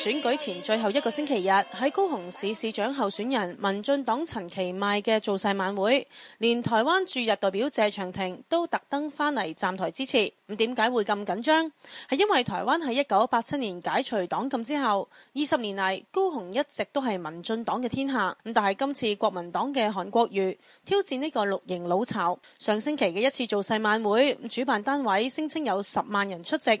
選舉前最後一個星期日，喺高雄市市長候選人民進黨陳其邁嘅造勢晚會，連台灣駐日代表謝長廷都特登返嚟站台支持。咁點解會咁緊張？係因為台灣喺一九八七年解除黨禁之後，二十年嚟高雄一直都係民進黨嘅天下。咁但係今次國民黨嘅韓國瑜挑戰呢個綠營老巢，上星期嘅一次造勢晚會，主辦單位聲稱有十萬人出席。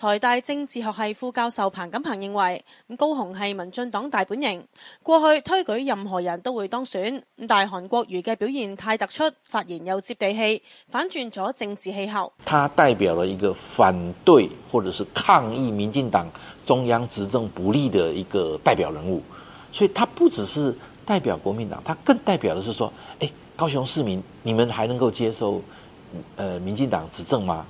台大政治學系副教授彭錦鵬認為，高雄係民進黨大本營，過去推舉任何人都會當選，但韓國瑜嘅表現太突出，發言又接地氣，反轉咗政治氣候。他代表了一個反對或者是抗議民進黨中央執政不利嘅一個代表人物，所以他不只是代表國民黨，他更代表的是說，誒，欸，高雄市民，你們還能夠接受，呃，民進黨執政嗎？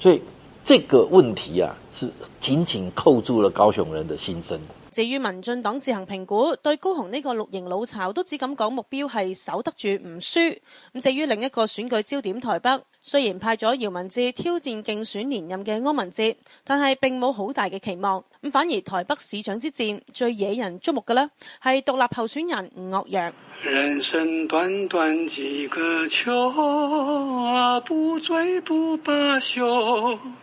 所以。這個問題啊，是緊緊扣住了高雄人的心聲的。至於民進黨自行評估，對高雄這個綠營老巢，都只敢講目標係守得住、唔輸。咁至於另一個選舉焦點台北，雖然派咗姚文智挑戰競選連任嘅柯文哲，但係並冇好大嘅期望。咁反而台北市長之戰最惹人矚目嘅咧，係獨立候選人吳岳洋。人生短短幾個秋，啊，不醉不罷休。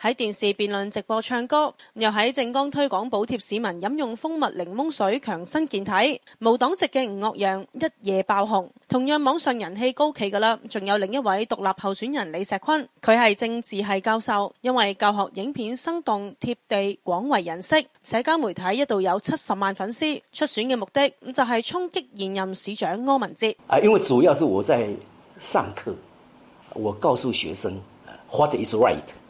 喺電視辯論直播唱歌，又喺政綱推廣補貼市民飲用蜂蜜檸檬水，強身健體。無黨籍嘅吳岳陽一夜爆紅，同樣網上人氣高企㗎喇。仲有另一位獨立候選人李石坤，佢係政治系教授，因為教學影片生動貼地，廣為人識。社交媒體一度有七十萬粉絲。出選嘅目的就係衝擊現任市長柯文哲。因為主要是我在上課，我告訴學生 What is right。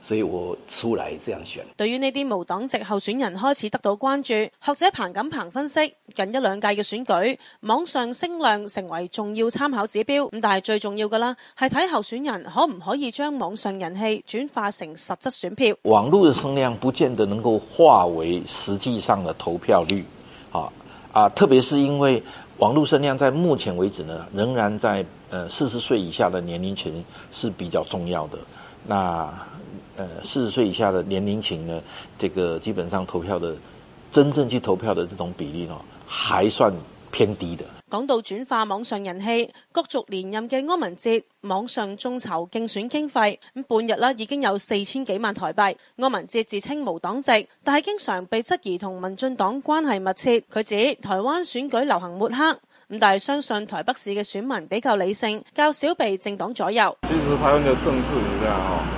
所以我出來這樣選。對於呢啲無黨籍候選人開始得到關注，學者彭錦鵬分析，近一兩屆嘅選舉，網上聲量成為重要參考指標。咁但係最重要嘅啦，係睇候選人可唔可以將網上人氣轉化成實質選票。網路嘅聲量唔見得能夠化為實際上的投票率，啊啊，特別係因為網路聲量在目前為止呢，仍然在呃四十歲以下嘅年齡群係比較重要嘅。那四十歲以下的年齡群呢，這個基本上投票的，真正去投票的這種比例哦，還算偏低的。講到轉化網上人氣，角逐連任嘅柯文哲網上眾籌競選經費，咁半日啦已經有四千幾萬台幣。柯文哲自稱無黨籍，但係經常被質疑同民進黨關係密切。佢指台灣選舉流行抹黑，咁但係相信台北市嘅選民比較理性，較少被政黨左右。其實台灣嘅政治嚟嘅啊。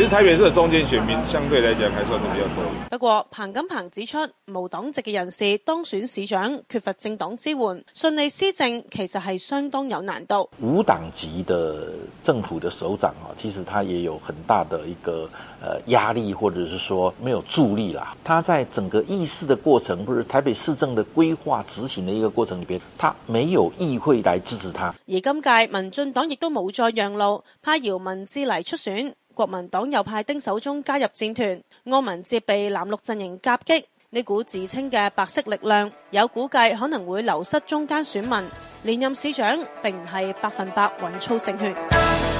其實台北市的中間選民相對來講還算是比較多。不過，彭錦鵬指出，無黨籍嘅人士當選市長缺乏政黨支援，順利施政其實係相當有難度。無黨籍的政府的首長啊，其實他也有很大的一個呃壓力，或者是說沒有助力啦。他在整個議事的過程，或者台北市政的規劃執行的一個過程裏邊，他沒有議會來支持他。而今屆民進黨亦都冇再讓路，派姚文智嚟出選。國民黨右派丁守中加入戰團，柯文哲被藍綠陣營夾擊，呢股自稱嘅白色力量有估計可能會流失中間選民，連任市長並唔係百分百穩操勝券。